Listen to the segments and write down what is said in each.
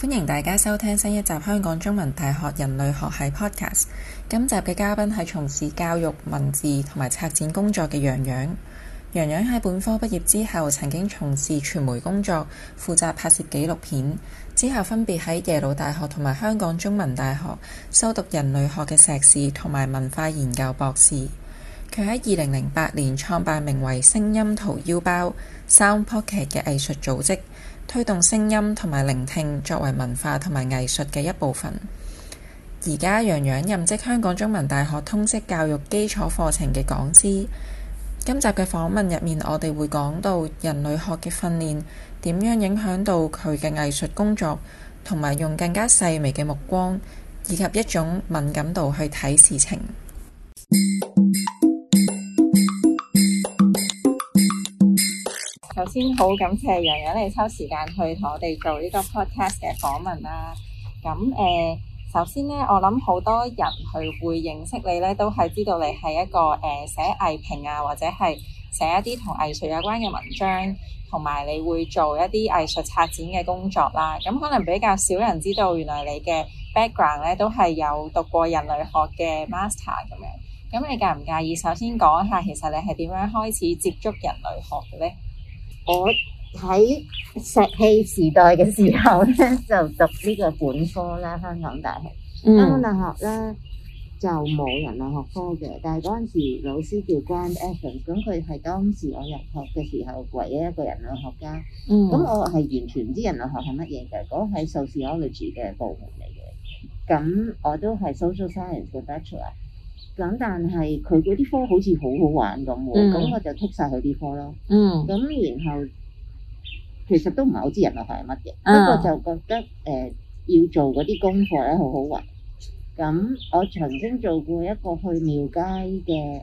歡迎大家收聽新一集香港中文大學人類學系 Podcast。今集嘅嘉賓係從事教育、文字同埋策展工作嘅楊洋。楊洋喺本科畢業之後，曾經從事傳媒工作，負責拍攝紀錄片。之後分別喺耶魯大學同埋香港中文大學修讀人類學嘅碩士同埋文化研究博士。佢喺二零零八年創辦名為《聲音掏腰包》（Sound Pocket） 嘅藝術組織。推動聲音同埋聆聽作為文化同埋藝術嘅一部分。而家，楊洋任職香港中文大學通識教育基礎課程嘅講師。今集嘅訪問入面，我哋會講到人類學嘅訓練點樣影響到佢嘅藝術工作，同埋用更加細微嘅目光，以及一種敏感度去睇事情。 首先好，感謝洋洋你抽時間去同我哋做呢個 podcast 嘅訪問啦。咁誒、呃，首先呢，我諗好多人佢會認識你呢都係知道你係一個誒寫藝評啊，或者係寫一啲同藝術有關嘅文章，同埋你會做一啲藝術策展嘅工作啦。咁可能比較少人知道，原來你嘅 background 呢都係有讀過人類學嘅 master 咁樣。咁你介唔介意首先講下，其實你係點樣開始接觸人類學嘅呢？我喺石器時代嘅時候咧，就讀呢個本科啦，香港大、嗯、學。香港大學咧就冇人類學科嘅，但係嗰陣時老師叫 Grant Evans，咁佢係當時我入學嘅時候唯一一個人類學家。咁、嗯、我係完全唔知人類學係乜嘢嘅，嗰係 sociology 嘅部門嚟嘅。咁我都係 social science 嘅 bachelor。咁但係佢嗰啲科好似好好玩咁喎，咁、嗯、我就剔晒佢啲科咯。嗯，咁然後其實都唔係好知人類係乜嘢，不過、嗯、就覺得誒、呃、要做嗰啲功課咧好好玩。咁我曾經做過一個去廟街嘅誒誒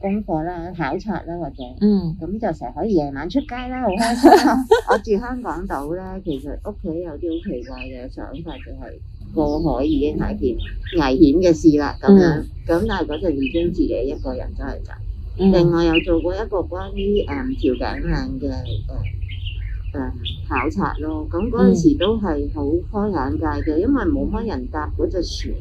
功課啦、考察啦或者，嗯，咁就成日可以夜晚出街啦，好開心。 我住香港島咧，其實屋企有啲好奇怪嘅想法，就係、是。過海已經係一件危險嘅事啦，咁樣，咁但係嗰陣已經自己一個人都係咋，嗯、另外有做過一個關於誒調景嶺嘅誒誒考察咯，咁嗰陣時都係好開眼界嘅，因為冇乜人搭嗰隻船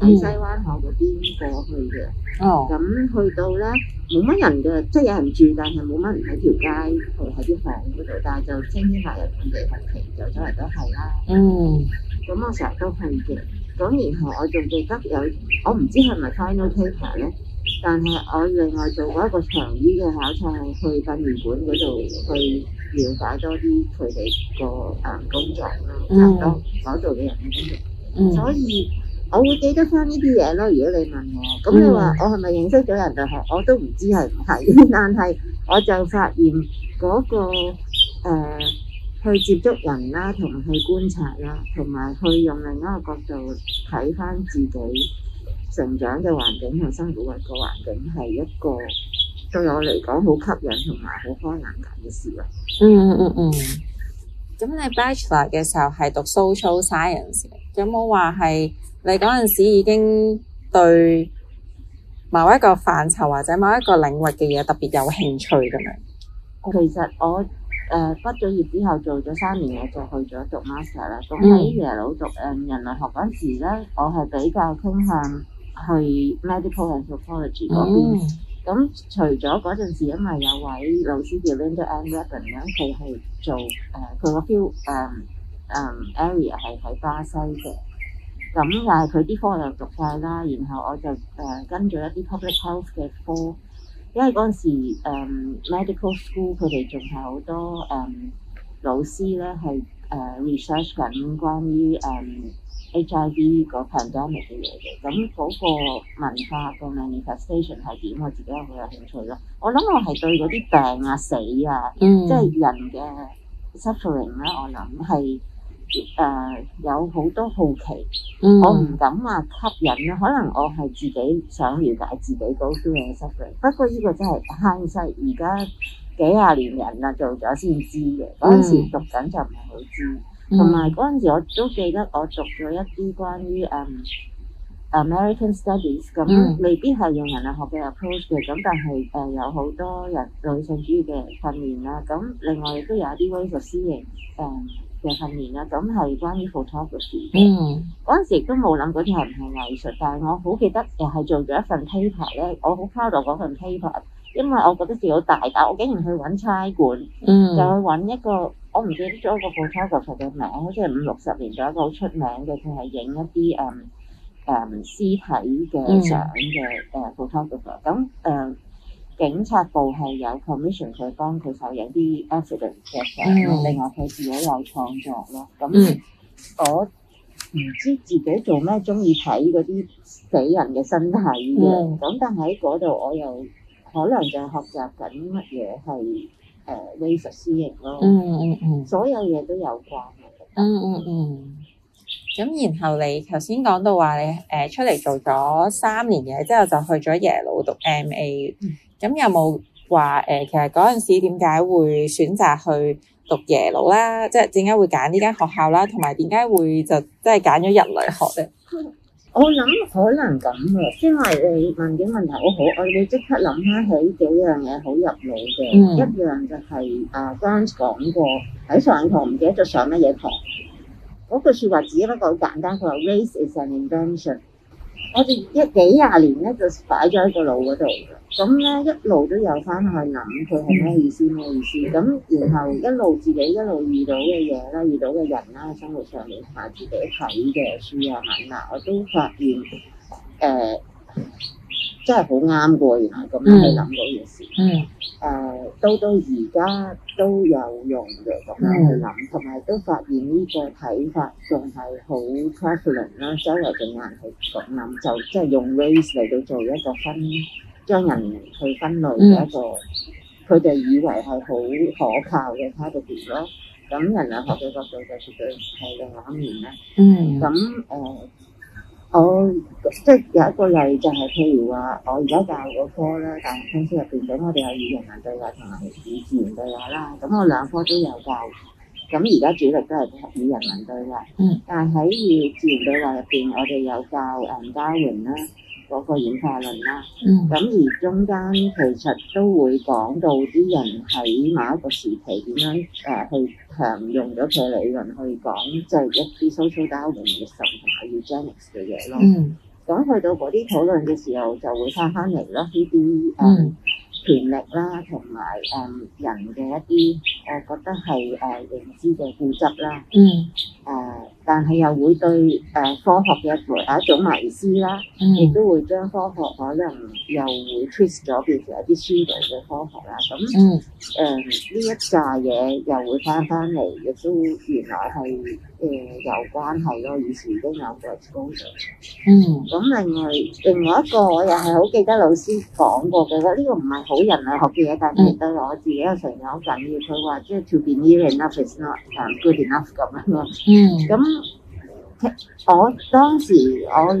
喺、嗯、西灣河嗰邊過去嘅，咁、嗯、去到咧冇乜人嘅，即係有人住，但係冇乜人喺條街，佢喺啲房嗰度，但係就清清白白本地黑皮，走咗嚟都係啦、啊。嗯咁我成日都瞓嘅，咁然後我仲記得有，我唔知係咪 final paper 咧，但係我另外做過一個長啲嘅考察，去訓練館嗰度去了解多啲佢哋個誒工作咯，差唔多嗰度嘅人嘅工作。嗯，所以我會記得翻呢啲嘢咯。如果你問我，咁你話我係咪認識咗人就學，我都唔知係唔係。但係我就發現嗰、嗰個、呃去接觸人啦，同去觀察啦，同埋去用另一個角度睇翻自己成長嘅環境同生活嘅個環境，係一個對我嚟講好吸引同埋好開眼界嘅事嚟、嗯。嗯嗯嗯。咁你 Bachelor 嘅時候係讀 social science，嘅，有冇話係你嗰陣時已經對某一個範疇或者某一個領域嘅嘢特別有興趣咁樣？其實我。誒、uh, 畢咗業之後做咗三年我就去咗讀 master 啦、mm。咁、hmm. 喺耶魯讀誒、嗯、人類學嗰陣時咧，我係比較傾向去 medical anthropology 嗰邊。咁、mm hmm. 嗯、除咗嗰陣時，因為有位老師叫 Linda Andrade，e 咁佢係做誒佢個 feel 誒誒 area 係喺巴西嘅。咁、嗯、但係佢啲科就讀晒啦，然後我就誒、呃、跟住一啲 public health 嘅科。因為嗰陣時，誒 medical school 佢哋仲係好多誒老師咧，係誒 research 緊關於誒 HIV 個 pandemic 嘅嘢嘅。咁嗰個文化、個 manifestation 係點，我自己好有興趣咯。我諗我係對嗰啲病啊、死啊，即係人嘅 suffering 咧，我諗係。誒、呃、有好多好奇，嗯、我唔敢話吸引咯。可能我係自己想了解自己讀啲嘢出嚟，不過呢個真係嘆西。而家幾廿年人啦、啊，做咗先知嘅，嗰陣時讀緊就唔係好知，同埋嗰陣時我都記得我讀咗一啲關於誒、um, American Studies 咁，未必係用人類學嘅 approach 嘅，咁但係誒、呃、有好多人女性主義嘅訓練啦，咁另外亦都有一啲微縮師嘅誒。Um, 嘅訓練啦，咁係關於 photography 嘅。嗯，嗰陣時都冇諗嗰啲係唔係藝術，但係我好記得誒係做咗一份 paper 咧，我好 o 嬲到講份 paper，因為我覺得事好大，但我竟然去揾差館，就去揾一個我唔記得咗個 photographer 嘅名，好似係五六十年代一個好出名嘅，佢係影一啲誒誒屍體嘅相嘅誒、嗯 uh, photographer。咁、嗯、誒。嗯警察部係有 commission，佢幫佢手有啲 accident 嘅嘢。嗯、另外佢自己有創作咯。咁、嗯、我唔知自己做咩中意睇嗰啲死人嘅身體嘅。咁、嗯、但喺嗰度我又可能就學習緊乜嘢係誒 research 型咯。嗯嗯嗯，所有嘢都有關，我覺得。嗯嗯嗯。咁、嗯、然後你頭先講到話你誒、呃、出嚟做咗三年嘢之後，就去咗耶魯讀 M.A.、嗯咁有冇話誒，其實嗰陣時點解會選擇去讀耶魯啦？即係點解會揀呢間學校啦？同埋點解會就都係揀咗人類學咧？我諗可能咁啊，因為問啲問題好好，我哋即刻諗翻起幾樣嘢好入腦嘅。嗯、一樣就係、是、啊，剛講過喺上堂唔記得咗上乜嘢堂。嗰句説話只不過好簡單，佢話 race is an invention。我哋一幾廿年咧，就擺咗喺個腦嗰度。咁咧，一路都有翻去諗，佢係咩意思咩意思。咁然後一路自己一路遇到嘅嘢啦，遇到嘅人啦，生活上面同埋自己睇嘅書啊、文啊，我都發現誒。呃真係好啱㗎，然後咁樣去諗嗰件事。誒、mm. 呃，到到而家都有用嘅，咁樣去諗，同埋、mm. 都發現呢個睇法仲係好 relevant 啦。周圍嘅人去講諗，就即係用 race 嚟到做一個分將人，人去分類嘅一個，佢哋、mm. 以為係好可靠嘅睇到點咯。咁人啊學嘅角度就絕對係兩面啦。咁誒。Mm. 我、oh, 即係有一個例就係譬如話我而家教嗰科咧，大學通識入邊，咁我哋有以人文對話同埋以自然對話啦。咁我兩科都有教，咁而家主力都係以人文對話，嗯、但係喺以自然對話入邊，我哋有教 d a 人文交流啦。嗰個演化論啦，咁、嗯、而中間其實都會講到啲人喺某一個時期點樣誒去強用咗佢嘅理論去講，就係、是、一啲 social media 熱搜同埋 eugenics 嘅嘢咯。咁、嗯、去到嗰啲討論嘅時候，就會翻返嚟咯呢啲誒權力啦，同埋誒人嘅一啲，我、呃、覺得係誒、呃、認知嘅固責啦。嗯。誒、呃。但係又會對誒科學嘅一一種迷思啦，亦都、嗯、會將科學可能又會 twist 咗，變成一啲 pseudo 嘅科學啦。咁誒呢一揸嘢又會翻翻嚟，亦都原來係誒有關係咯。以前都有在講到。嗯。咁另外另外一個我又係好記得老師講過嘅，呢、這個唔係好人嚟學嘅嘢，但係但係我自己嘅成長好緊要，佢話，即係 to be near enough is not good enough 咁樣咯。嗯。咁、 嗯。嗯我當時我唔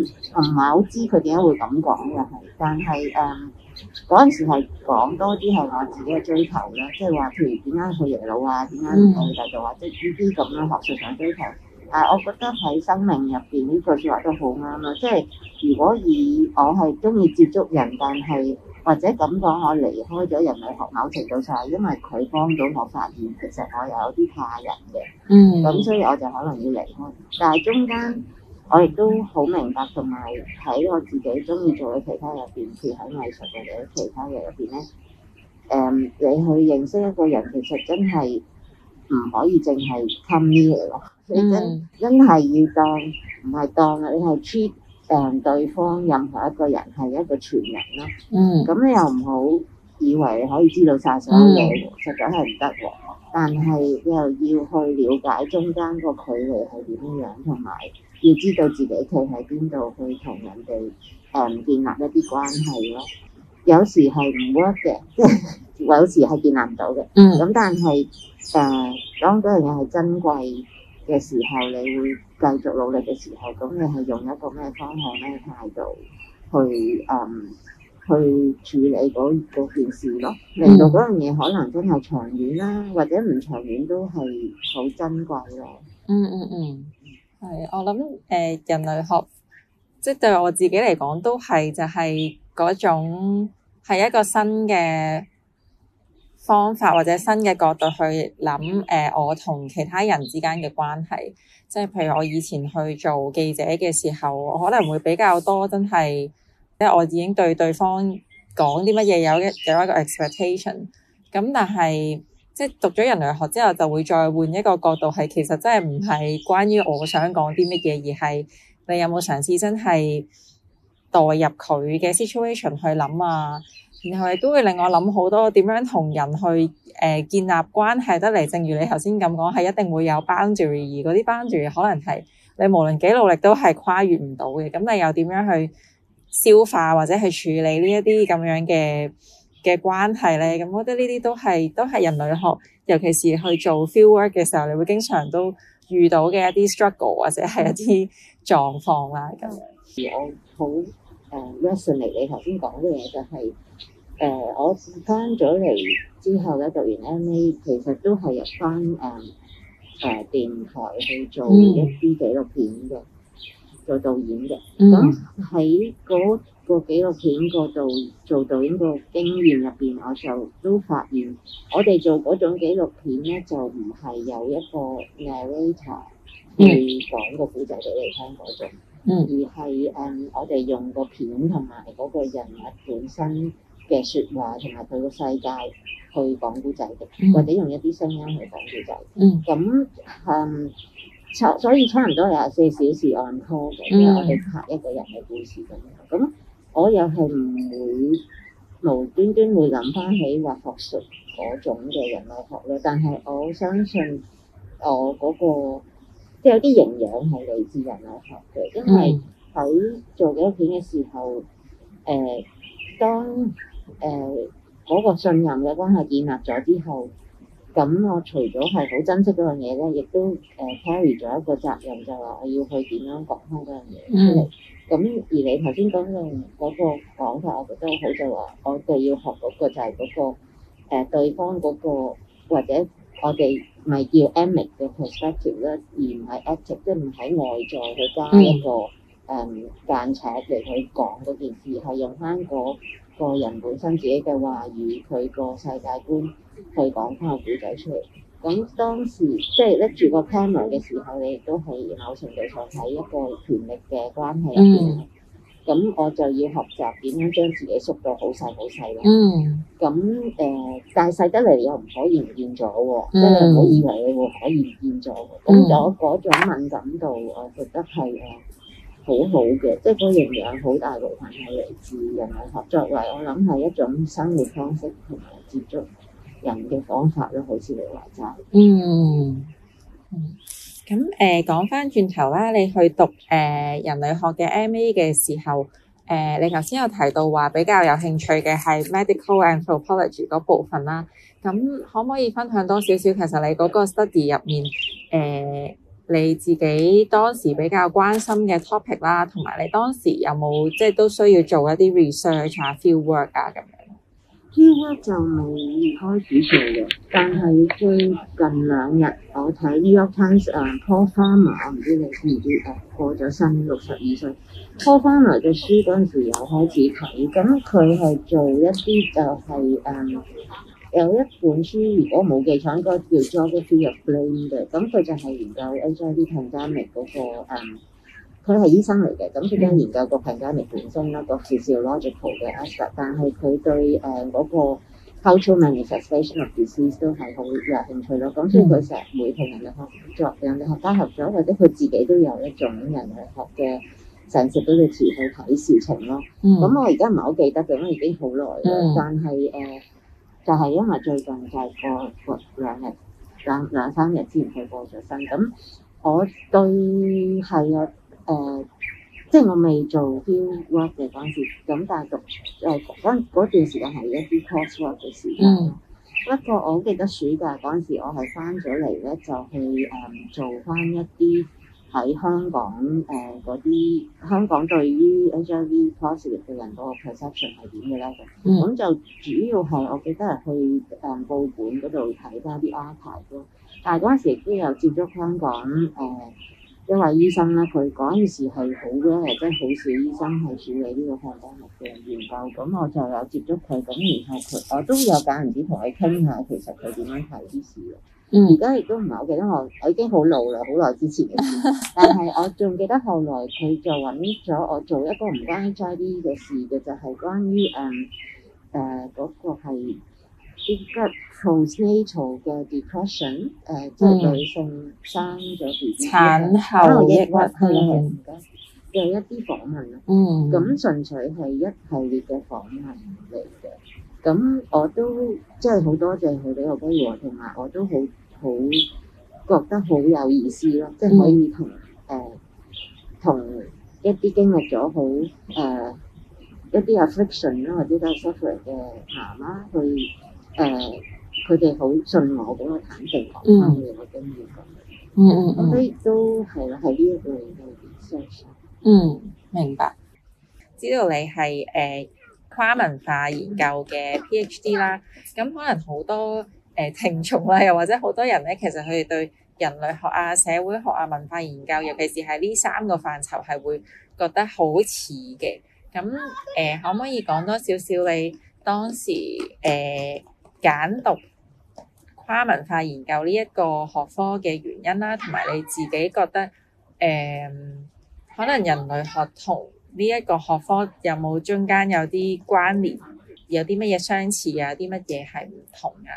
係好知佢點解會咁講嘅係，但係誒嗰陣時係講多啲係我自己嘅追求啦，即係話譬如點解去耶魯啊，點解去大嶼啊，即係呢啲咁樣學術上追求。但係我覺得喺生命入邊呢句説話都好啱啦，即係如果以我係中意接觸人，但係。或者咁講，我離開咗人類學某程度上係因為佢幫到我發現，其實我又有啲怕人嘅。嗯。咁所以我就可能要離開。但係中間，我亦都好明白同埋喺我自己中意做嘅其他入邊，似喺藝術或者其他嘢入邊咧。誒、嗯，你去認識一個人，其實真係唔可以淨係 come 呢樣咯。嗯。你真真係要當唔係當，係去 cheat。誒，um, 對方任何一個人係一個全人啦。嗯，咁你又唔好以為可以知道晒所有嘢、嗯、實在係唔得喎。但係又要去了解中間個距離係點樣，同埋要知道自己企喺邊度去同人哋誒、呃、建立一啲關係咯。有時係唔 work 嘅， 有時係建立唔到嘅。嗯，咁但係誒，講嗰樣嘢係珍貴嘅時候，你會繼續努力嘅時候，咁你係用一個咩方向呢、咩態度去誒、嗯、去處理嗰件事咯？令到嗰樣嘢可能真係長遠啦，或者唔長遠都係好珍貴咯、嗯。嗯嗯嗯，係，我諗誒、呃、人類學，即、就、係、係、對我自己嚟講都係就係嗰種係一個新嘅方法或者新嘅角度去諗誒、呃、我同其他人之間嘅關係，即係譬如我以前去做記者嘅時候，我可能會比較多真係即係我已經對對方講啲乜嘢，有一有一個 expectation。咁、嗯、但係即係讀咗人類學之後就會再換一個角度，係其實真係唔係關於我想講啲乜嘢，而係你有冇嘗試真係代入佢嘅 situation 去諗啊？然後係都會令我諗好多點樣同人去誒、呃、建立關係得嚟，正如你頭先咁講，係一定會有 boundary，而嗰啲 boundary 可能係你無論幾努力都係跨越唔到嘅。咁你又點樣去消化或者去處理呢一啲咁樣嘅嘅關係咧？咁我覺得呢啲都係都係人類學，尤其是去做 fieldwork 嘅時候，你會經常都遇到嘅一啲 struggle 或者係一啲狀況啦。咁我好誒 resonate 你頭先講嘅嘢就係、是。誒、呃，我翻咗嚟之後咧，讀完 M.A.，其實都係入翻誒誒電台去做一啲紀錄片嘅，做導演嘅。咁喺嗰個紀錄片個導做導演個經驗入邊，我就都發現，我哋做嗰種紀錄片咧，就唔係有一個 narrator 去講個古仔俾你聽嗰種，mm hmm. 而係誒、呃、我哋用個片同埋嗰個人物、啊、本身，嘅説話同埋佢個世界去講故仔嘅，或者用一啲聲音去講故仔。咁誒、嗯嗯，所以差唔多廿四小時 on call 嘅，我去、嗯、拍一個人嘅故事咁樣。咁我又係唔會無端端會諗翻起話學術嗰種嘅人類學咧，但係我相信我嗰、嗰個即係有啲營養係來自人類學嘅，因為喺做紀錄片嘅時候，誒、呃、當誒嗰、呃那個信任嘅關係建立咗之後，咁我除咗係好珍惜嗰樣嘢咧，亦都誒 carry 咗一個責任，就話、是、我要去點樣講開嗰樣嘢。Mm. 嗯。咁而你頭先講嘅嗰個講法，我覺得好就話、是、我哋要學嗰、那個就係嗰個誒對方嗰、那個或者我哋咪叫 emic 嘅 perspective 咧，而唔係 active 即係唔喺外在去加一個誒間尺嚟去講嗰件事，係用翻嗰、那個。個人本身自己嘅話語，佢個世界觀去講翻個故仔出嚟。咁當時即係拎住個 camera 嘅時候，你亦都係某程度上喺一個權力嘅關係入邊。咁、嗯、我就要學習點樣將自己縮到好細好細㗎。嗯。咁誒、呃，但係細得嚟又唔可以唔見咗喎，即係唔好以為你會可以唔見咗。咁咗嗰種敏感度，我覺得係我。呃好好嘅，即係個營養好大部分係嚟自人類學作為，我諗係一種生活方式同埋接觸人嘅方法咯，好似你話齋。嗯，咁誒講返轉頭啦，你去讀誒、呃、人類學嘅 M.A. 嘅時候，誒、呃、你頭先有提到話比較有興趣嘅係 Medical Anthropology 嗰部分啦。咁可唔可以分享多少少？其實你嗰個 study 入面誒，呃你自己當時比較關心嘅 topic 啦，同埋你當時有冇即係都需要做一啲 research 啊、field work 啊咁樣？field work 就未開始做嘅，但係最近兩日我睇呢一間誒 Paul Farmer，我唔知你知唔知啊？過咗身六十二歲 Paul Farmer 嘅書嗰陣時有開始睇，咁佢係做一啲就係、是、誒。Um, 有一本書，如果冇記錯，應、那、該、個、叫《Geography of Blame》嘅。咁佢就係研究 HIV 同加密嗰個佢係、嗯、醫生嚟嘅。咁佢嘅研究個加密本身啦，那個小小 logical 嘅 aspect，但係佢對誒嗰、嗯那個 cultural manifestation of disease 都係好有興趣咯。咁所以佢成日會同人類學合作，人類學家合作，或者佢自己都有一種人類學嘅神識嗰類詞去睇事情咯。咁、嗯、我而家唔係好記得嘅，因為已經好耐啦。嗯、但係誒。呃就係因為最近就係過過，過，過兩日兩兩三日之前佢過咗身，咁我對係啊誒，即係我未做 f work 嘅嗰陣時，咁但係讀誒嗰、呃、段時間係一啲 coursework 嘅時間。嗯、不過我記得暑假嗰陣時，我係翻咗嚟咧，就去誒、嗯、做翻一啲。喺香港誒嗰啲香港對於 HIV positive 嘅人嗰個 perception 係點嘅咧？咁就主要係我記得係去誒、呃、報館嗰度睇翻啲 article，但係嗰陣時都有接觸香港誒一位醫生咧，佢嗰陣時係好嘅，係真係好少醫生係處理呢個抗體學嘅研究，咁我就有接觸佢，咁然後佢我都有揀唔少同佢傾下，其實佢點樣睇啲事嘅。而家亦都唔係，我記得我我已經好老啦，好耐之前嘅事。但係我仲記得後來佢就揾咗我做一個唔關 HIV 嘅事嘅，就係、是、關於誒誒嗰個係 i g postnatal 嘅 depression，誒即係女性生咗 B B 之後產後抑鬱係啦，有、啊嗯、一啲訪問啦。嗯，咁、嗯、純粹係一系列嘅訪問嚟嘅。咁我都即係好多謝佢俾我機會，同埋我都好。好覺得好有意思咯，即係可以同誒同一啲經歷咗好誒一啲 affliction 啦，或者都係 suffer 嘅媽媽去誒，佢哋好信我，俾我坦誠講出嚟，我都要咁。然後嗯嗯我覺得都係喺呢一個上面。嗯，明白。知道你係誒、uh, 跨文化研究嘅 PhD 啦、嗯，咁可能好多。誒聽眾啦，又或者好多人咧，其實佢哋對人類學啊、社會學啊、文化研究，尤其是喺呢三個範疇，係會覺得好似嘅。咁誒、呃，可唔可以講多少少你當時誒揀、呃、讀跨文化研究呢一個學科嘅原因啦、啊，同埋你自己覺得誒、呃，可能人類學同呢一個學科有冇中間有啲關聯，有啲乜嘢相似啊，啲乜嘢係唔同啊？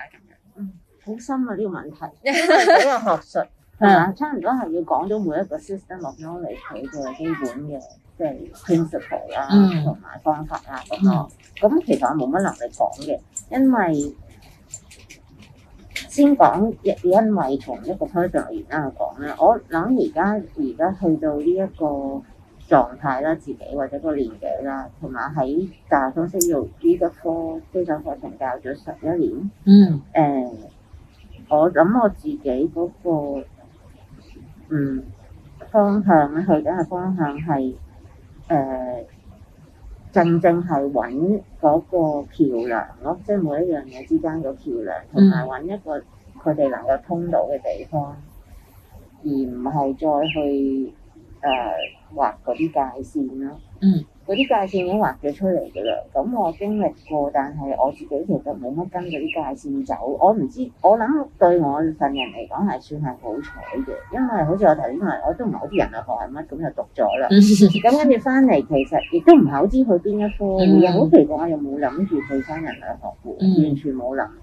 好深啊！呢、這個問題，學術係差唔多係要講到每一個 system 落咗嚟，佢嘅基本嘅即係 principle 啦、啊，同埋、嗯、方法啊咁咯。咁、嗯、其實我冇乜能力講嘅，因為先講一，因為同一個推 t 而家講咧，我諗而家而家去到呢一個狀態啦，自己或者個年紀啦，同埋喺大學通識呢個科基礎課程教咗十一年，嗯，誒、呃。我諗我自己嗰個嗯、方向咧，佢嘅方向係誒，正正係揾嗰個橋梁咯，即係每一樣嘢之間嘅橋梁，同埋揾一個佢哋能夠通到嘅地方，而唔係再去誒，畫嗰啲界線咯。嗯。嗰啲界線已經畫咗出嚟噶啦，咁我經歷過，但係我自己其實冇乜跟嗰啲界線走，我唔知，我諗對我份人嚟講係算係好彩嘅，因為好似我頭先話，我都唔係好啲人去學係乜，咁就讀咗啦，咁跟住翻嚟其實亦都唔係好知去邊一科，好 奇怪我又冇諗住去翻人去學過，完全冇諗。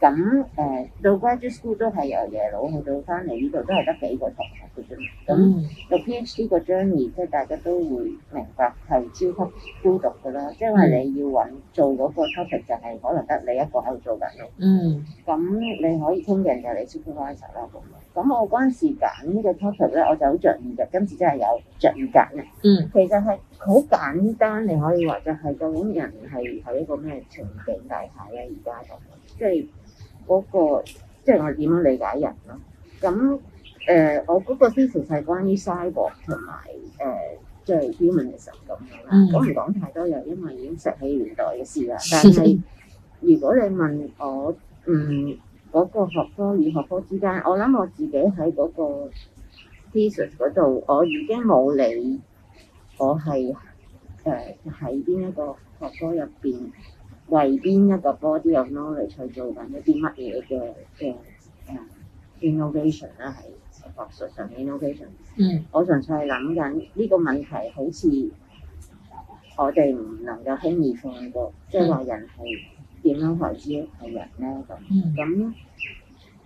咁誒，讀、嗯、graduate school 都係由耶魯去到翻嚟呢度，都係得幾個同學嘅啫。咁讀、嗯嗯、PhD 個 journey，即係大家都會明白係超級孤獨嘅啦。即係話你要揾、嗯、做嗰個 topic 就係可能得你一個喺度做緊嘅。嗯。咁、嗯嗯、你可以傾嘅就係 supervisor 咁。咁我嗰陣時揀呢個 topic 咧，我就好着意嘅。今次真係有着意揀嘅。嗯。其實係好簡單，你可以話就係究竟人係喺一個咩情景底下咧？而家就即係。即嗰、那個即係我點樣理解人咯？咁誒、呃，我嗰個 thesis 係關於 cyber 同埋誒，即係 humanism 嚟講咁樣啦。講、就、唔、是 mm hmm. 講太多又因為已經石器年代嘅事啦。 但係如果你問我，嗯，嗰、那個學科與學科之間，我諗我自己喺嗰個 thesis 嗰度，我已經冇理我係誒喺邊一個學科入邊。為邊一個 body of knowledge 去做緊一啲乜嘢嘅嘅誒 innovation 啦？係學術上嘅 innovation。嗯，我純粹係諗緊呢個問題，好似我哋唔能夠輕易放過，嗯、即係話人係點樣去知係人咧咁。嗯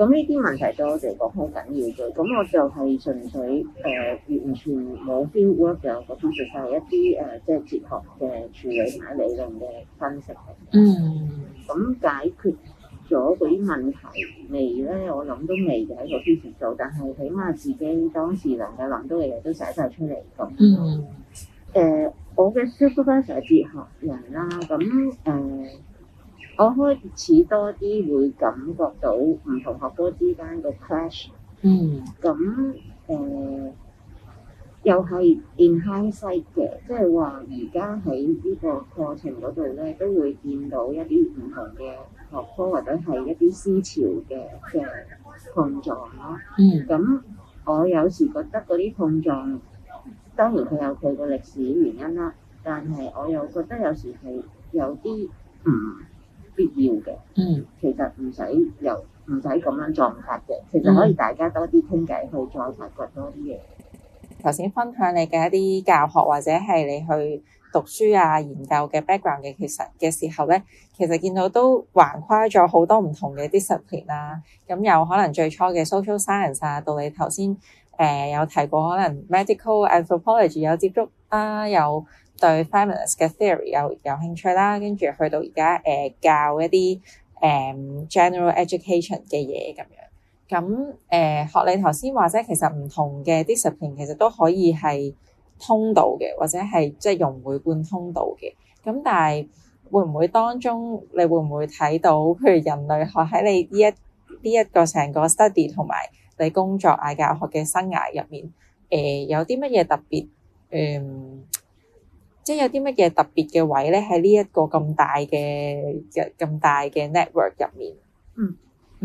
咁呢啲問題對我哋講好緊要嘅，咁我就係純粹誒、呃、完全冇 fieldwork 嘅嗰方，其實係一啲誒即係哲學嘅處理同埋理論嘅分析。嗯，咁解決咗嗰啲問題未咧？我諗都未嘅，喺度堅持做，但係起碼自己當時能夠諗到嘅嘢都寫晒出嚟咁。嗯。嗯呃、我嘅 professional 係哲學人啦，咁、啊、誒。嗯呃我開始多啲會感覺到唔同學科之間嘅 crash 嗯，咁誒、呃、又係 in hindsight 嘅，即係話而家喺呢個課程嗰度咧，都會見到一啲唔同嘅學科或者係一啲思潮嘅嘅碰撞咯、啊。嗯，咁我有時覺得嗰啲碰撞，當然佢有佢個歷史原因啦，但係我又覺得有時係有啲唔嗯必要嘅，其實唔使又唔使咁樣做法嘅，其實可以大家多啲傾偈，去再發掘多啲嘢。頭先分享你嘅一啲教學或者係你去讀書啊、研究嘅 background 嘅，其實嘅時候咧，其實見到都橫跨咗好多唔同嘅 discipline 啊，咁有可能最初嘅 social science 啊，到你頭先誒有提過可能 medical anthropology 有接觸啊，有。對 feminist 嘅 theory 有有興趣啦，跟住去到而家誒教一啲誒 general education 嘅嘢咁樣。咁誒學你頭先話啫，其實唔同嘅 discipline 其實都可以係通道嘅，或者係即係融會貫通道嘅。咁但係會唔會當中你會唔會睇到，譬如人類學喺你呢一呢一個成個 study 同埋你工作啊教學嘅生涯入面，誒有啲乜嘢特別嗯？即係有啲乜嘢特別嘅位咧？喺呢一個咁大嘅、咁大嘅 network 入面，嗯，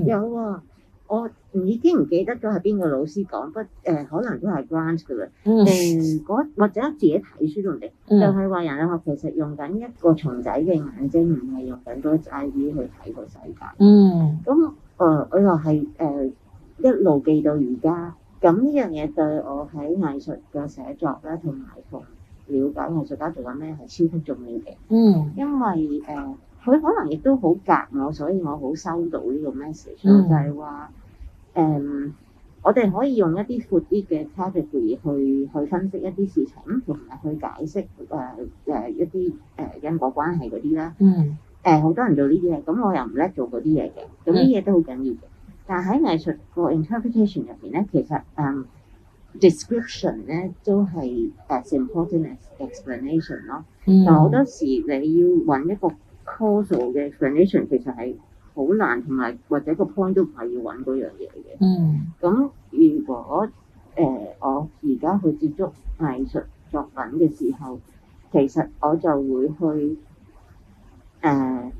有啊，我已經唔記得咗係邊個老師講，不誒、呃，可能都係 grad 嘅啦，誒、呃嗯、或者自己睇書用得，就係、是、話人類學其實用緊一個蟲仔嘅眼睛，唔係用緊多隻眼去睇個世界，嗯，咁誒、呃、我又係誒一路記到而家，咁呢樣嘢對我喺藝術嘅寫作咧同埋。了解藝術家做緊咩係超級重要嘅，嗯，因為誒佢、呃、可能亦都好夾我，所以我好收到呢個 message，嗯、就係話誒，我哋可以用一啲闊啲嘅 category 去去分析一啲事情，同埋去解釋誒誒、呃呃、一啲誒、呃、因果關係嗰啲啦，嗯，誒好、呃、多人做呢啲嘢，咁我又唔叻做嗰啲嘢嘅，咁啲嘢都好緊要嘅，但喺藝術個 interpretation 入面咧，其實誒。呃 description 咧都係 as important as explanation 咯，但好、嗯、多時你要揾一個 causal 嘅 explanation 其實係好難同埋或者個 point 都唔係要揾樣嘢嘅。嗯，咁、嗯、如果誒、呃、我而家去接觸藝術作品嘅時候，其實我就會去誒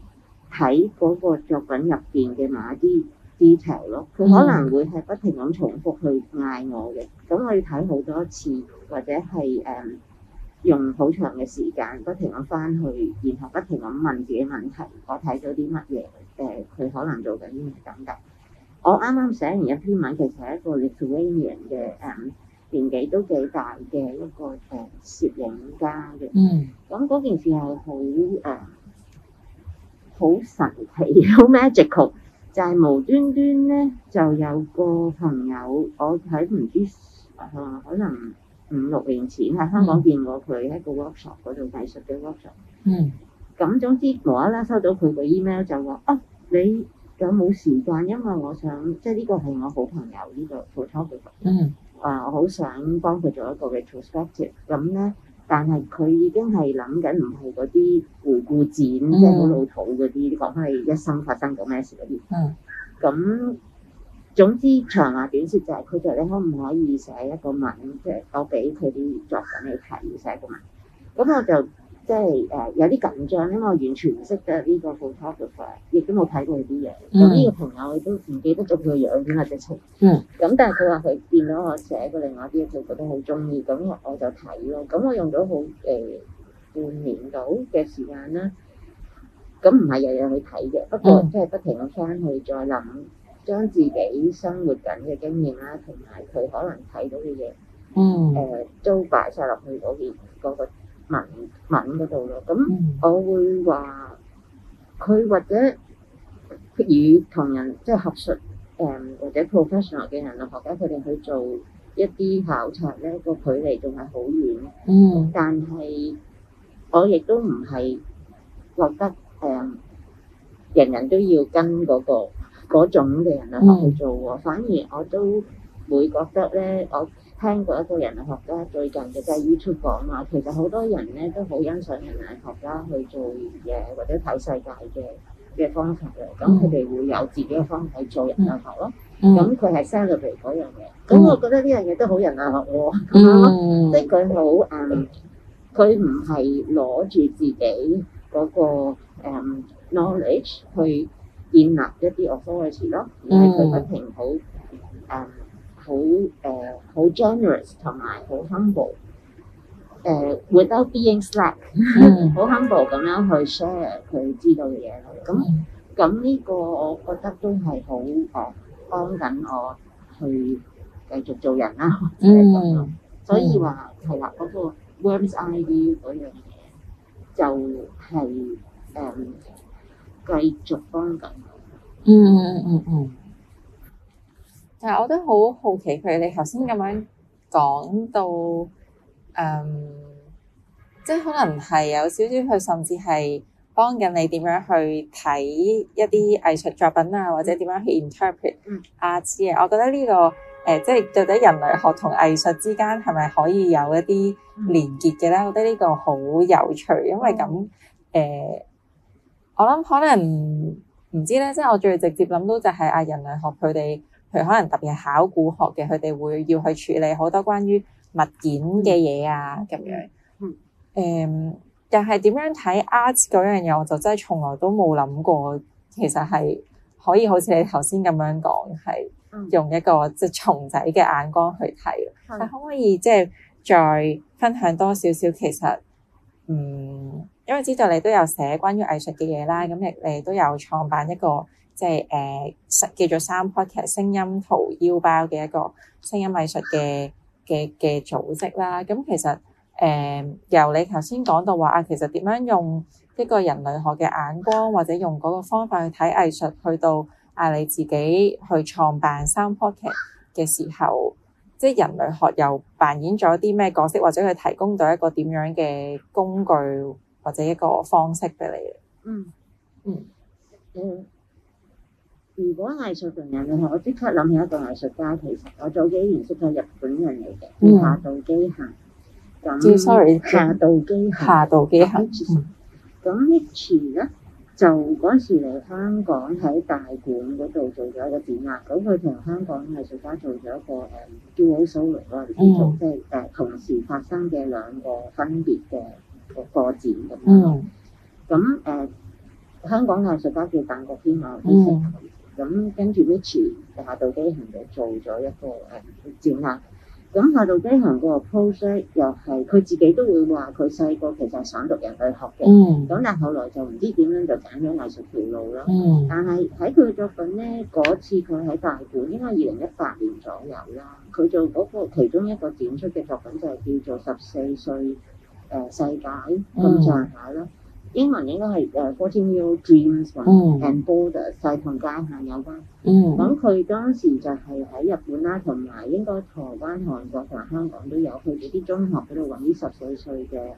睇、呃、個作品入邊嘅某啲。detail 咯，佢、嗯、可能會係不停咁重複去嗌我嘅，咁我要睇好多次，或者係誒、嗯、用好長嘅時間不停咁翻去，然後不停咁問自己問題，我睇咗啲乜嘢？誒、呃，佢可能做緊啲乜咁噶？我啱啱寫完一篇文，其實係一個 Lithuanian 嘅誒，年紀都幾大嘅一個誒攝影家嘅。嗯。咁嗰、嗯、件事係好誒，好、嗯、神奇，好 magical。就係無端端咧，就有個朋友，我喺唔知、啊、可能五六年前喺香港見過佢喺個 workshop 嗰度，藝術嘅 workshop。嗯。咁總之無啦啦收到佢嘅 email 就話：哦、啊，你有冇時間？因為我想，即係呢個係我好朋友呢、這個副創嘅朋友。嗯。誒、啊，我好想幫佢做一個嘅 t r o s p e c t e 咁咧。但係佢已經係諗緊，唔係嗰啲回顧展，即係好老土嗰啲，講返一生發生過咩事嗰啲。嗯，咁總之長話短説就係佢就你可唔可以寫一個文？即係我俾佢啲作品你睇，要寫個文。咁我就。即係誒、呃、有啲緊張，因為我完全唔識得呢個 photographer，亦都冇睇過佢啲嘢，咁呢、mm. 個朋友亦都唔記得咗佢個樣點啊直情，嗯。咁、mm. 但係佢話佢見到我寫過另外啲嘢，佢覺得好中意，咁我就睇咯。咁我用咗好誒、呃、半年到嘅時間啦。咁唔係日日去睇嘅，不過即係不停咁翻去再諗，mm. 將自己生活緊嘅經驗啦，同埋佢可能睇到嘅嘢，嗯、mm. 呃，誒都擺晒落去我嘅嗰個。文文嗰度咯，咁、嗯、我會話佢或者與同人即係學術誒、嗯、或者 professional 嘅人類學家佢哋去做一啲考察咧，個距離仲係好遠，嗯。嗯，但係我亦都唔係覺得誒人人都要跟嗰、嗰個嗰種嘅人類學家去做喎，嗯、反而我都會覺得咧，我。聽過一個人類學家最近嘅就喺 YouTube 講話，其實好多人咧都好欣賞人類學家去做嘢或者睇世界嘅嘅方法嘅，咁佢哋會有自己嘅方法做人類學咯。咁佢係 sell to 人嗰樣嘢，咁我覺得呢樣嘢都好人類學喎，嗯、即係佢好誒，佢唔係攞住自己嗰、嗰個、嗯、knowledge 去建立一啲 authority 咯，而係佢不停好。誒、嗯。嗯好誒，好 generous 同埋好 humble 誒，without being slack，好 humble 咁樣去 share 佢知道嘅嘢咯。咁咁呢個我覺得都係好誒，幫緊我去繼續做人啦。嗯，所以話係啦，嗰個 worms ID 嗰樣嘢就係誒繼續幫緊。嗯嗯嗯嗯。嗯但係，我都好好奇佢哋頭先咁樣講到，嗯，即係可能係有少少佢，甚至係幫緊你點樣去睇一啲藝術作品啊，嗯、或者點樣去 interpret 阿芝嘅。我覺得呢個誒、呃，即係到底人類學同藝術之間係咪可以有一啲連結嘅咧？嗯、我覺得呢個好有趣，因為咁誒、嗯呃，我諗可能唔知咧，即係我最直接諗到就係阿人類學佢哋。佢可能特別係考古學嘅，佢哋會要去處理好多關於物件嘅嘢啊，咁樣。嗯。誒，um, 但係點樣睇 art 嗰樣嘢，我就真係從來都冇諗過，其實係可以好似你頭先咁樣講，係用一個即係、就是、蟲仔嘅眼光去睇。係、嗯。但可唔可以即係再分享多少少？其實，嗯，因為知道你都有寫關於藝術嘅嘢啦，咁亦你都有創辦一個。即係誒，三、呃、叫做 soundpocket 聲音掏腰包嘅一個聲音藝術嘅嘅嘅組織啦。咁、嗯、其實誒、呃，由你頭先講到話啊，其實點樣用一個人類學嘅眼光，或者用嗰個方法去睇藝術，去到啊你自己去創辦 soundpocket 嘅時候，即係人類學又扮演咗啲咩角色，或者佢提供到一個點樣嘅工具或者一個方式俾你？嗯嗯嗯。嗯嗯。如果藝術名人嘅話，我即刻諗起一個藝術家。其實我早幾年識嘅日本人嚟嘅，嗯、下道基行咁。Sorry，下道基行。下道基行。咁 Hichi 咧，就嗰時嚟香港喺大館嗰度做咗一個展覽。咁佢同香港藝術家做咗一個誒，叫好所謂嘅即係誒、呃、同時發生嘅兩個分別嘅個展咁樣。咁誒、呃，香港藝術家叫鄧國騫嘛。嗯。咁跟住一次，下渡機行就做咗一個誒展覽。咁、呃、下渡機行個 project 又係佢自己都會話佢細個其實係想讀人類學嘅，咁、嗯、但係後來就唔知點樣就揀咗藝術條路啦。嗯、但係喺佢嘅作品咧，嗰次佢喺大館，應該係二零一八年左右啦。佢做嗰個其中一個展出嘅作品就係叫做歲《十四歲誒世界》，咁上下啦。嗯英文應該係 Fourteen Year Dreams and Borders、嗯》，係同街下有關。咁佢、嗯、當時就係喺日本啦，同埋應該台灣、韓國同埋香港都有佢哋啲中學嗰度揾啲十四歲嘅誒誒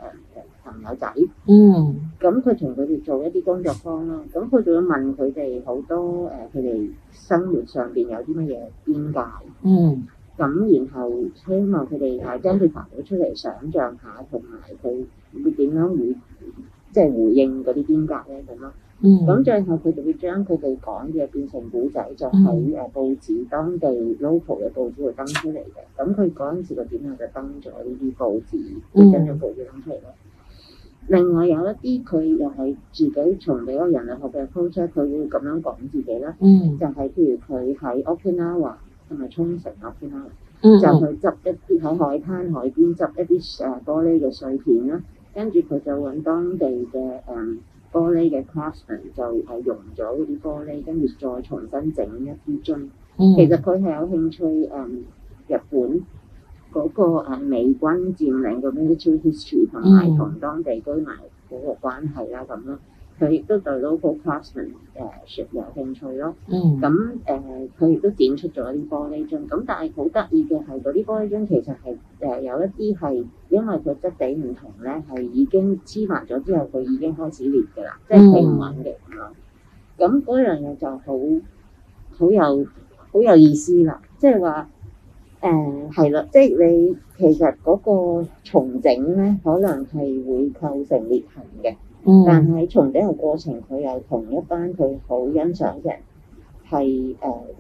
朋友仔。嗯，咁佢同佢哋做一啲工作坊啦。咁佢仲要問佢哋好多誒，佢、呃、哋生活上邊有啲乜嘢邊界？嗯，咁然後希望佢哋係將佢談到出嚟，想象下同埋佢會點樣會。即係回應嗰啲邊格咧咁咯，咁、嗯、最後佢就會將佢哋講嘅變成古仔，就喺、是、誒、嗯、報紙當地 local 嘅報紙度登出嚟嘅。咁佢嗰陣時個點樣就登咗呢啲報紙，嗯、跟咗報紙登出嚟咯。另外有一啲佢又喺自己從比較人類學嘅 project，佢會咁樣講自己咧，嗯、就係譬如佢喺 Okinawa，同埋沖繩 Okinawa，、嗯、就去執一啲喺海灘海邊執一啲誒玻璃嘅碎片啦。跟住佢就揾當地嘅誒、嗯、玻璃嘅 craftman 就係用咗嗰啲玻璃，跟住再重新整一啲樽。嗯、其實佢係有興趣誒、嗯、日本嗰個誒美軍佔領嗰邊啲 military history 同埋同當地居民嗰個關係啦咁咯。佢亦都對 local craftsmen 誒説有興趣咯。嗯。咁誒、嗯，佢亦都展出咗啲玻璃樽。咁但係好得意嘅係，嗰啲玻璃樽其實係誒、呃、有一啲係因為佢質地唔同咧，係已經黐埋咗之後，佢已經開始裂嘅啦，即係平穩嘅。啊、嗯。咁嗰樣嘢就好好有好有意思啦。即係話誒係啦，即係你其實嗰個重整咧，可能係會構成裂痕嘅。嗯，但係從呢個過程，佢又同一班佢好欣賞嘅人，係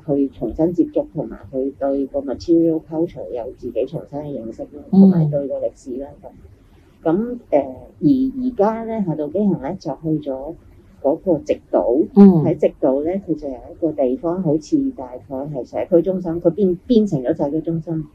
誒去重新接觸，同埋佢對個 material culture 又自己重新嘅認識啦，同埋對個歷史啦咁。咁誒，而而家咧，下度機行咧就去咗嗰個直島。嗯，喺直島咧，佢就有一個地方，好似大概係社區中心，佢變變成咗社區中心。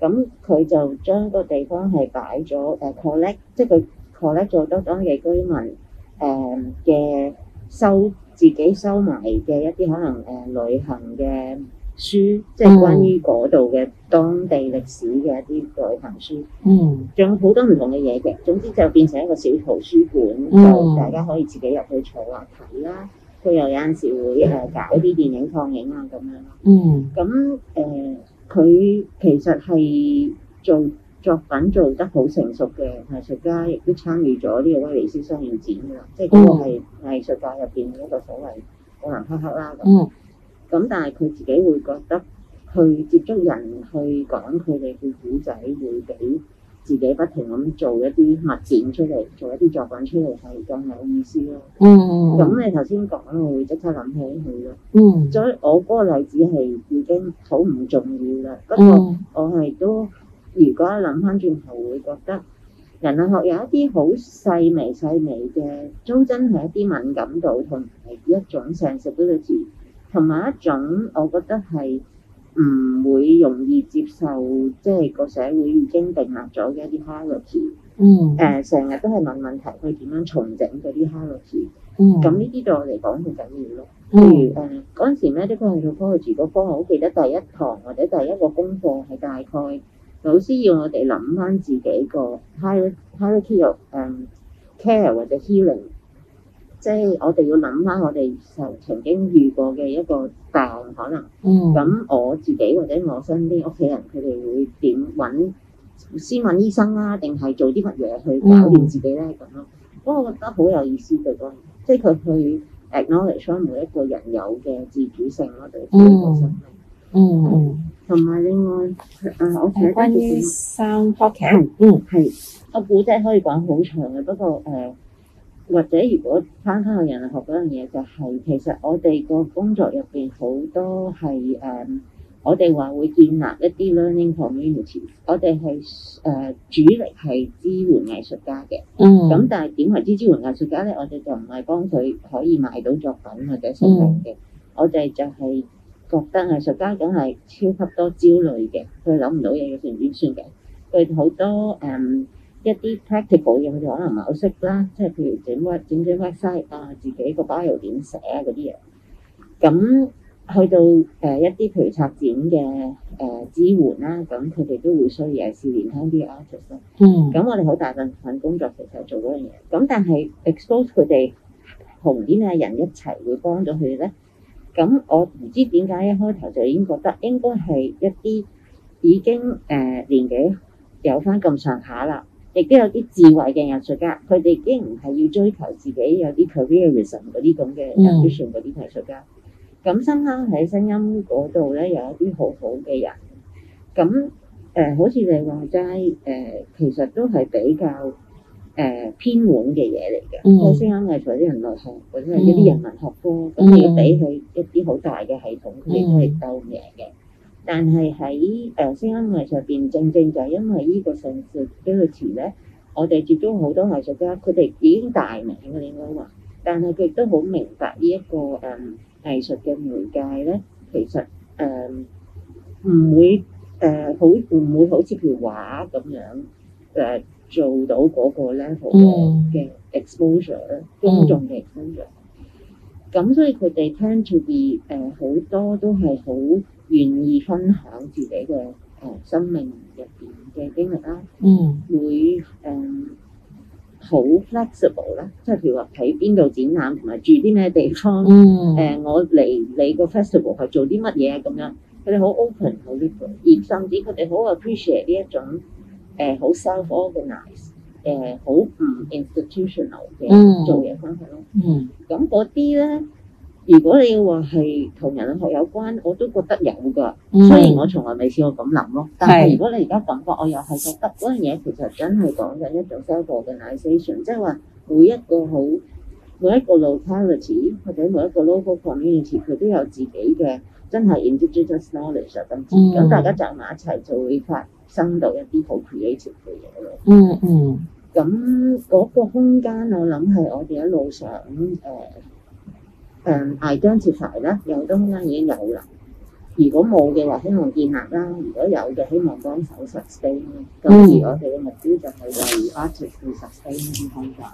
咁佢就將個地方係擺咗誒 collect，即係佢。我呢做多當地居民誒嘅收，自己收埋嘅一啲可能誒旅行嘅書，即係關於嗰度嘅當地歷史嘅一啲旅行書，嗯，仲有好多唔同嘅嘢嘅。總之就變成一個小圖書館，就大家可以自己入去坐下睇啦。佢又有陣時會誒搞啲電影放映啊咁樣咯。嗯，咁誒佢其實係做。作品做得好成熟嘅藝術家，亦都參與咗呢個威尼斯雙年展㗎啦，即係呢個係藝術界入邊一個所謂赫赫赫啦。嗯，咁但係佢自己會覺得接觸去接觸人，去講佢哋嘅故仔，會畀自己不停咁做一啲物展出嚟，做一啲作品出嚟係更有意思咯。嗯，咁你頭先講，我會即刻諗起佢咯。嗯，所以我嗰個例子係已經好唔重要啦。嗯，不過我係都。如果諗翻轉頭，會覺得人類學有一啲好細微細微嘅，都真係一啲敏感度同埋一種成熟嗰個字，同埋一種我覺得係唔會容易接受，即係個社會已經定立咗嘅一啲 hard words。嗯，誒、呃，成日都係問問題，佢點樣重整嗰啲 hard words？嗯，咁呢啲對我嚟講好緊要咯。譬、嗯、如誒，嗰、呃、陣時咧，啲佢係做 college 嗰科，我好記得第一堂或者第一個功課係大概。老師要我哋諗翻自己個 he，heal，care 或者 healing，即係我哋要諗翻我哋曾曾經遇過嘅一個病，可能。咁、嗯、我自己或者我身邊屋企人佢哋會點揾先問醫生啦、啊，定係做啲乜嘢去搞掂自己咧咁咯。咁、嗯、我覺得好有意思嘅個，嗯嗯、即係佢去 acknowledge 每一個人有嘅自主性咯，對自己個身體。嗯嗯嗯，同埋另外，嗯、啊，我睇、嗯、關於三 project 嗯係，我估即係可以講好長嘅，不過誒、呃，或者如果翻返去人類學嗰樣嘢，就係其實我哋個工作入邊好多係誒、呃，我哋話會建立一啲 learning community，我哋係誒主力係支援藝術家嘅，嗯，咁但係點為之支援藝術家咧？我哋就唔係幫佢可以賣到作品或者成功嘅，嗯、我哋就係、是。覺得藝術家梗係超級多焦慮嘅，佢諗唔到嘢要算點算嘅。佢好多誒、嗯、一啲 practical 嘢，佢哋可能唔好識啦，即係譬如整屈整啲 website 啊，自己個 bio 又點寫啊嗰啲嘢。咁去到誒、呃、一啲譬如策展嘅誒、呃、支援啦，咁佢哋都會需要，尤其係年輕啲嘅 artist 咯。嗯。咁、啊、我哋好大部份工作其實做嗰樣嘢，咁但係 expose 佢哋同啲咩人一齊會幫咗佢咧？咁我唔知點解一開頭就已經覺得應該係一啲已經誒、呃、年紀有翻咁上下啦，亦都有啲智慧嘅藝術家，佢哋已經唔係要追求自己有啲 careerism 嗰啲咁嘅 attraction 嗰啲藝，藝術家。咁新鷗喺聲音嗰度咧，有一啲好好嘅人。咁誒、呃，好似你話齋誒，其實都係比較。誒，偏門嘅嘢嚟嘅，即係聲音藝術、啲人類學或者係一啲人文學科，咁要俾佢一啲好大嘅系統，佢哋都係鬥嘢嘅。但係喺誒聲音藝術入邊，正正就係因為依個性質，依個詞咧，我哋接觸好多藝術家，佢哋已經大名嘅你應該話，但係佢亦都好明白依一個誒藝術嘅媒介咧，其實誒，唔會誒，好唔會好似條畫咁樣誒。做到嗰個 level 嘅 exposure，公眾嘅 exposure，咁所以佢哋 tend to be 誒好多都係好願意分享自己嘅誒生命入邊嘅經歷啦。嗯，會誒好 flexible 咧，即係譬如話喺邊度展覽同埋住啲咩地方。嗯，誒我嚟你個 festival 係做啲乜嘢咁樣，佢哋好 open，好 liber，甚至，佢哋好 appreciate 呢一種。誒好 self-organised，誒好唔 institutional 嘅做嘢方式咯。咁嗰啲咧，如果你話係同人類學有關，我都覺得有㗎。雖然我從來未試過咁諗咯。但係如果你而家感覺，我又係覺得嗰樣嘢其實真係講緊一種 self-organisation，即係話每一個好每一個 locality 或者每一個 local community，佢都有自己嘅真係 indigenous knowledge。咁咁大家集埋一齊就會發生到一啲好 creative 嘅嘢咯。嗯嗯，咁嗰個空間我諗係我哋一路想誒誒 identify 啦，有啲空間已經有啦。如果冇嘅話，希望建立啦；如果有嘅，希望幫手 sustain 咯。今時我哋嘅目標就係而家接住 sustain 呢啲空間。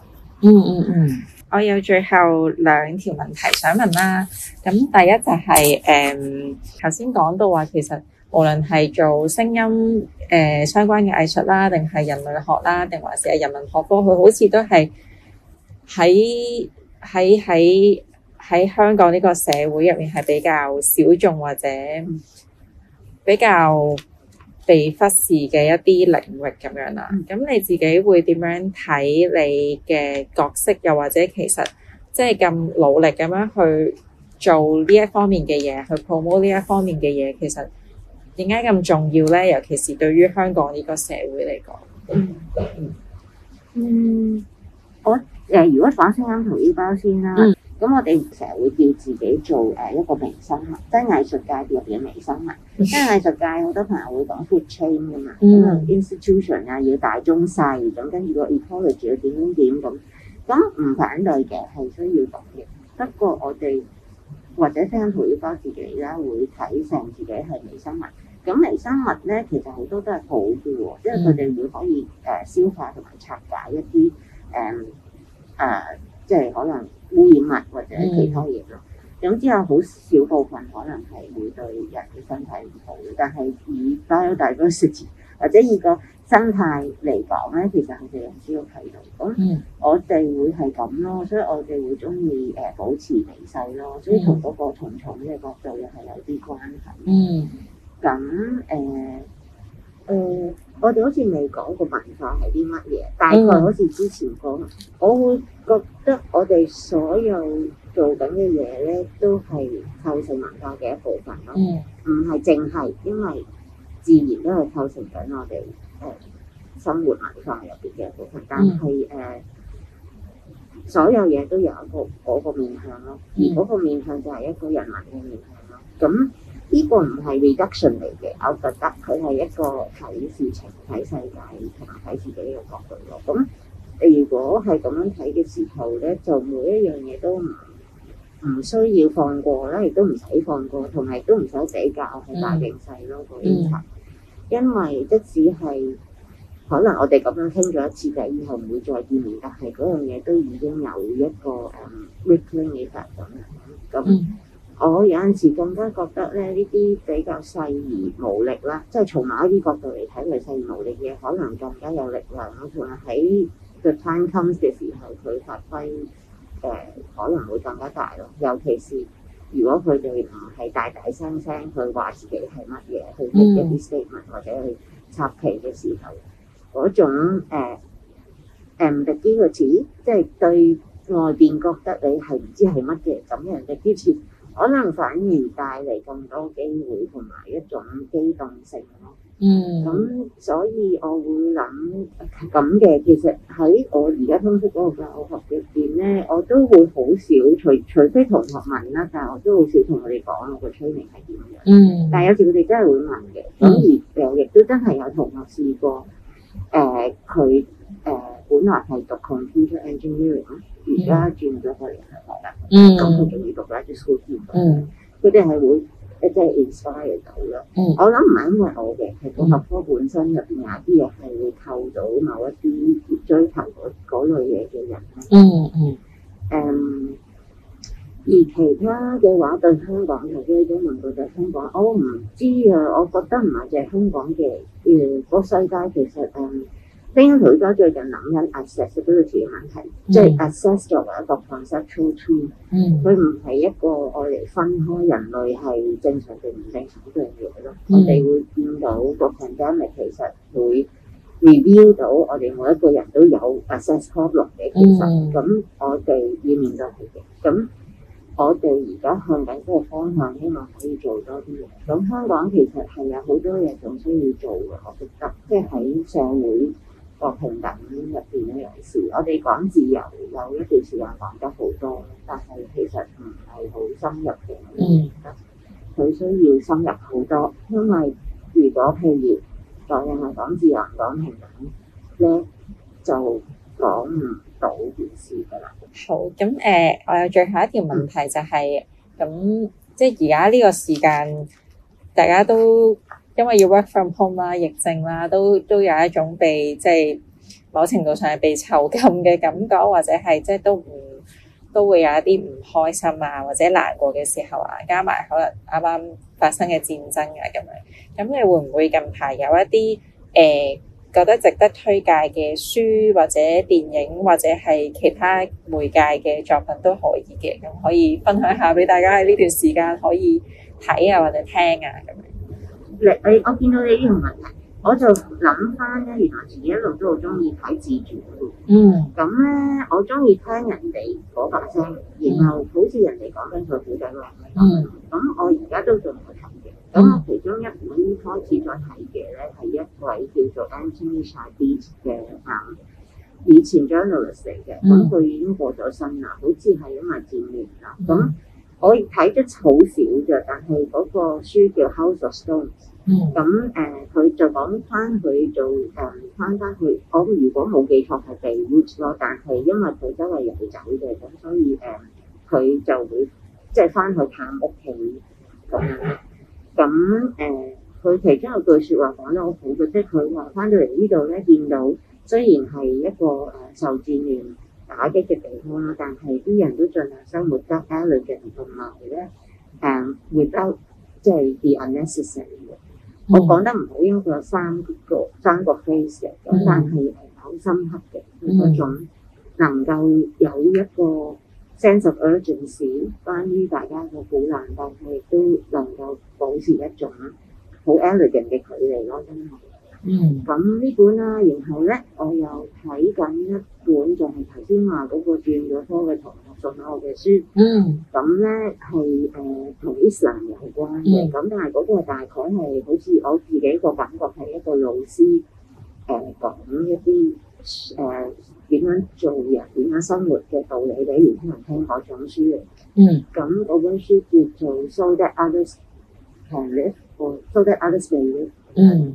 嗯嗯嗯，我有最後兩條問題想問啦。咁第一就係誒頭先講到話，其實。無論係做聲音誒、呃、相關嘅藝術啦，定係人類學啦，定還是係人文學科，佢好似都係，喺喺喺喺香港呢個社會入面係比較小眾或者比較被忽視嘅一啲領域咁樣啦。咁你自己會點樣睇你嘅角色？又或者其實即係咁努力咁樣去做呢一方面嘅嘢，去 promote 呢一方面嘅嘢，其實。點解咁重要咧？尤其是對於香港呢個社會嚟講，嗯嗯，嗯我誒、呃、如果反觀音同呢包先啦，咁、嗯、我哋成日會叫自己做誒、呃、一個明星啊，即係藝術界入邊嘅明星啊，即係是藝術界好多朋友會講 food chain 噶嘛，嗯，institution 啊要大中細咁，跟住個 ecology 要點點點咁，咁唔反對嘅係需要讀嘅，不過我哋。或者聲圖要包自己啦，會睇上自己係微生物。咁微生物咧，其實好多都係好嘅喎，因為佢哋會可以誒、呃、消化同埋拆解一啲誒啊，即係可能污染物或者其他嘢咯。咁之、嗯、後好少部分可能係會對人嘅身體唔好，但係以包大嗰時，或者以個。生態嚟講咧，其實佢哋唔需要睇到。咁、嗯、我哋會係咁咯，所以我哋會中意誒保持平勢咯。所以同嗰個蟲蟲嘅角度又係有啲關係。嗯，咁誒誒，我哋好似未講個文化係啲乜嘢？大概好似之前講，嗯、我會覺得我哋所有做緊嘅嘢咧，都係構成文化嘅一部分咯，唔係淨係因為自然都係構成緊我哋。誒，生活文化入邊嘅，一部分，但係誒，uh, 所有嘢都有一個嗰、嗰個面向咯，嗰個面向就係一個人文嘅面向咯。咁呢個唔係 reduction 嚟嘅，我覺得佢係一個睇事情、睇世界、同埋睇自己嘅角度咯。咁如果係咁樣睇嘅時候咧，就每一樣嘢都唔唔需要放過啦，亦都唔使放過，同埋都唔使比較去、嗯、大定細咯個議因為即使係可能我哋咁樣傾咗一次嘅，以後唔會再見面，但係嗰樣嘢都已經有一個嗯 recalling 嘅作用。咁、um, mm hmm. 我有陣時更加覺得咧，呢啲比較細而無力啦，即係從某一啲角度嚟睇，佢細而無力嘅，可能更加有力量，同喺 the time comes 嘅時候，佢發揮誒、呃、可能會更加大咯。尤其是如果佢哋唔係大大聲聲去話自己係乜嘢，去發一啲 statement、嗯、或者去插旗嘅時候，嗰種誒誒謹慎嘅詞，uh, um, 即係對外邊覺得你係唔知係乜嘅咁樣嘅詞。可能反而帶嚟咁多機會同埋一種機動性咯。嗯，咁所以我會諗咁嘅，其實喺我而家分析嗰個教學入邊咧，我都會好少除除非同學問啦，但係我都好少同佢哋講我個趨勢係點樣。嗯，但係有時佢哋真係會問嘅。咁而又亦都真係有同學試過，誒佢誒本來係讀 computer engineering。而家轉咗去嚟香港啦，咁佢仲要讀翻啲書先，佢哋係會一、即係 inspire 到咯。 我諗唔係因為我嘅，係個學科本身入邊有啲嘢係會扣到某一啲追求嗰類嘢嘅人，嗯嗯。誒， um, 而其他嘅話對香港係都問到對香港，我唔知啊。我覺得唔係淨係香港嘅，而、嗯、個世界其實啊。嗯。聲音圖加最近諗緊 accessibility 嗰個字眼係，嗯、即係 access 作為一個 conceptual tool tool，佢唔係一個我哋分開人類係正常定唔正常嗰樣嘢咯。嗯、我哋會見到個 pandemic，咪其實會 review 到我哋每一個人都有 access problem 嘅。其實咁我哋要面對佢嘅，咁我哋而家向緊嗰個方向，希望可以做多啲嘢。咁香港其實係有好多嘢仲需要做嘅，我覺得，即係喺社會。個平等入邊有事，我哋講自由有一段時間講得好多，但係其實唔係好深入嘅。嗯。佢需要深入好多，因為如果譬如，凈係講自由講平等咧，就講唔到件事㗎啦。好，咁誒、呃，我有最後一條問題、嗯、就係、是，咁即係而家呢個時間，大家都。因為要 work from home 啦、疫症啦，都都有一種被即係某程度上係被囚禁嘅感覺，或者係即係都唔都會有一啲唔開心啊，或者難過嘅時候啊，加埋可能啱啱發生嘅戰爭啊咁樣。咁你會唔會近排有一啲誒、呃、覺得值得推介嘅書或者電影或者係其他媒介嘅作品都可以嘅，咁可以分享下俾大家喺呢段時間可以睇啊或者聽啊咁樣。你、哎、我見到你呢個問題，我就諗翻咧，原來自己一路都好中意睇自傳。嗯、mm.，咁咧我中意聽人哋嗰把聲，然後好似人哋講緊在古仔。嗰個咁。嗯，咁我而家都仲係咁嘅。咁其中一本開始再睇嘅咧，係一位叫做 Anthony Shadid 嘅、嗯，以前 journalist 嚟嘅。嗯，咁佢已經過咗身啦，好似係因為戰亂啦。咁、mm. 我睇咗好少嘅，但係嗰個書叫《House of Stones》。咁誒，佢、嗯嗯嗯啊、就講翻佢做誒翻翻去講，如果冇記錯係 beach 咯，但係因為佢都係有走嘅，咁、嗯、所以誒佢、嗯、就會即係翻去探屋企咁樣。咁、嗯、誒，佢、嗯嗯嗯、其中有句説話講得好好嘅，即係佢話翻到嚟呢度咧，見到雖然係一個誒受戰亂打擊嘅地方啦，但係啲人都盡量生活得 elegant 嘅情況落去咧，and without 即係 the unnecessary。Mm hmm. 我講得唔好，應該有三個三個 face 啊，mm hmm. 但係好深刻嘅嗰、mm hmm. 種，能夠有一個 sense of urgency 關於大家嘅困難，但係亦都能夠保持一種好 elegant 嘅距離咯，真係。嗯、mm，咁、hmm. 呢本啦、啊，然後咧，我又睇緊一本就、那個，就係頭先話嗰個轉咗科嘅圖。仲有嘅書，嗯、mm.，咁咧係誒同 Islam 有關嘅，咁、mm. 但係嗰啲大概係好似我自己個感覺係一個老師誒、呃、講一啲誒點樣做人、點樣生活嘅道理俾年輕人聽嗰種書，嗯，咁嗰本書叫做 So that others can live or so that others can live，嗯。Mm. Mm. .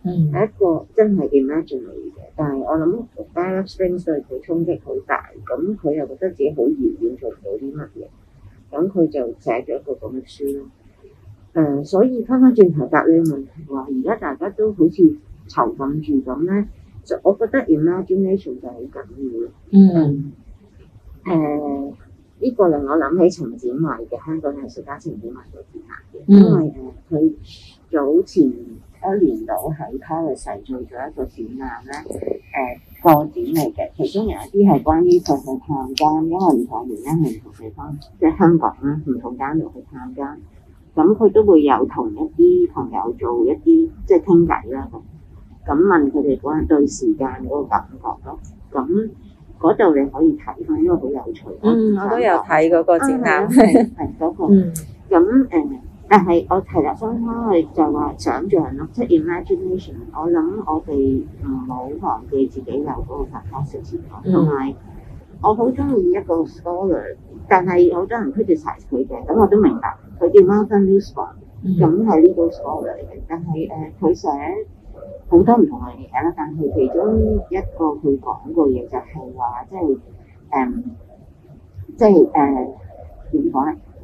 係、嗯、一個真係 imaginative 嘅，但係我諗從 a l e s p r i n g 對佢衝擊好大，咁佢又覺得自己好遙遠，遠做唔到啲乜嘢。咁佢就寫咗一個咁嘅書咯。誒、呃，所以翻返轉頭答你問題話，而家大家都好似囚禁住咁咧，就我覺得 imagination 就好緊要嘅。嗯。誒、呃，呢、呢個令我諗起陳展偉嘅香港藝術家陳展偉做嘅因為誒、呃、佢早前。一年度喺卡里製做咗一個展覽咧，誒、呃、個展嚟嘅，其中有一啲係關於佢去探監，因為唔同原因，唔同地方，即係香港啦，唔同監獄去探監，咁佢都會有同一啲朋友做一啲即係傾偈啦，咁咁問佢哋嗰陣對時間嗰個感覺咯，咁嗰度你可以睇翻，因為好有趣。嗯，港我都有睇嗰個展覽，係係嗰個，咁誒、嗯。但係我提得翻翻去就話想像咯，即、就、係、是、imagination。我諗我哋唔好忘記自己有嗰個 fantasies 同埋我好中意一個 scholar，但係好多人 criticize 佢嘅。咁我都明白，佢叫 Martin Nussbaum、mm。咁係呢個 scholar 嚟嘅。但係誒，佢、呃、寫好多唔同嘅嘢啦。但係其中一個佢講過嘅嘢就係話，即係誒、嗯，即係誒點講啊？呃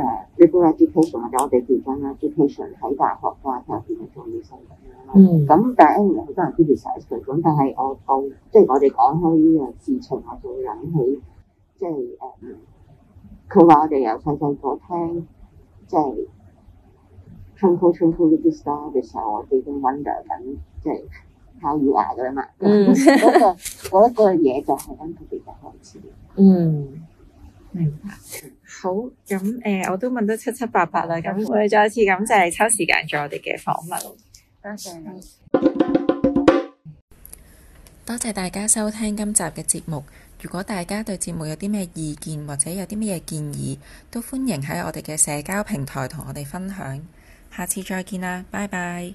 誒，你 education 或者我哋叫緊 education 喺大學嘅話，就其實做醫生咁樣咯。咁但係當然好多人都其實咁，但係我講即係我哋講開呢個事情，我就會諗起，即係誒，佢話我哋由細細個聽，即係 Twinkle Twinkle Little Star 嘅時候，我始終 wonder 緊即係太意牙噶啦嘛。嗰個嘢就係揾到比較開始。嗯。明白，好咁，誒、欸，我都問得七七八八啦，咁的我哋再一次感謝就係抽時間做我哋嘅訪問。多謝，謝、嗯、多謝大家收聽今集嘅節目。如果大家對節目有啲咩意見或者有啲咩建議，都歡迎喺我哋嘅社交平台同我哋分享。下次再見啦，拜拜。